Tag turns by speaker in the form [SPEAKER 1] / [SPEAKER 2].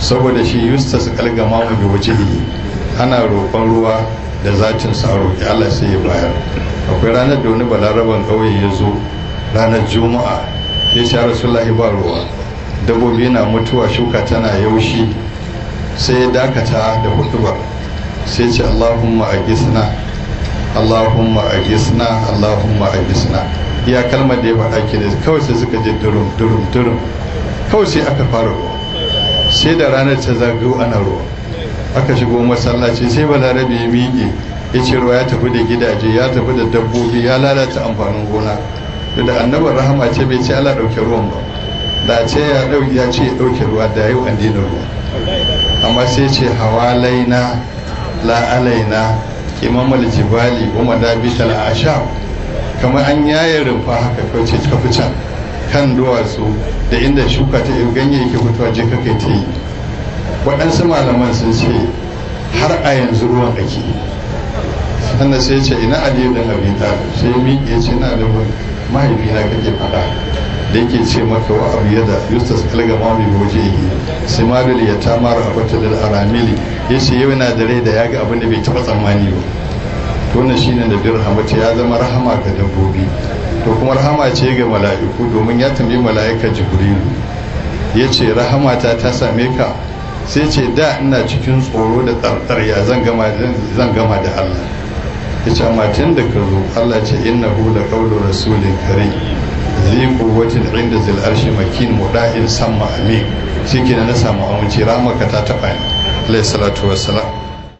[SPEAKER 1] saboda shi yustas kalgama mu bi wajihi ana roƙon ruwa da zatin sa roƙi Allah sai ya bayar akwai ranar da wani balaraban ƙauye ya zo ranar juma'a ya sha rasulullahi ba ruwa dabbobi na mutuwa shuka tana yaushi sai ya dakata da ba sai ce allahumma a gisna allahumma a gisna allahumma a gisna iya kalmar da ya faɗa ke kawai sai suka je durum durum durum kawai sai aka fara ruwa sai da ranar ta zagayo ana ruwa aka shigo masallaci sai balarabe ya miƙe ya ce ruwa ya tafi da gidaje ya tafi da dabbobi ya lalata amfanin gona da annabar rahama ce bai ce ala ɗauke ruwan ba da ce ya ɗauki ya ce ɗauke ruwa da yau an daina ruwa amma sai ce hawalaina la'alaina kimamal jibali da madabital ashab kamar an yaye rumfa haka kawai ce ta fi can kan duwatsu da inda shuka ta ganye yake fitowa je kake ta yi waɗansu malaman sun ce har a yanzu ruwan ake sannan sai ce ina a da abi talib sai miƙe ya ce na da mahaifina kake faɗa da yake ce maka wa abu yada yustas algama mai goje yi simabil ya ta mara a da aramili ya ce yau na da rai da ya ga abin da bai taɓa tsammani ba Tona shine da bir rahama ya zama rahama ga dabbobi to kuma rahama ce ga mala'iku domin ya tambayi mala'ika jibrilu ya ce rahamata ta same ka sai ce da ina cikin tsoro da tsartsar zan gama da Allah ya ce amma tun da ka zo Allah ce inna hu da kaulu rasulin kare zai kuwatin inda zil'arshi makin muda'in samma amin shi na samu aminci rahama ka ta taɓa ni alaihi salatu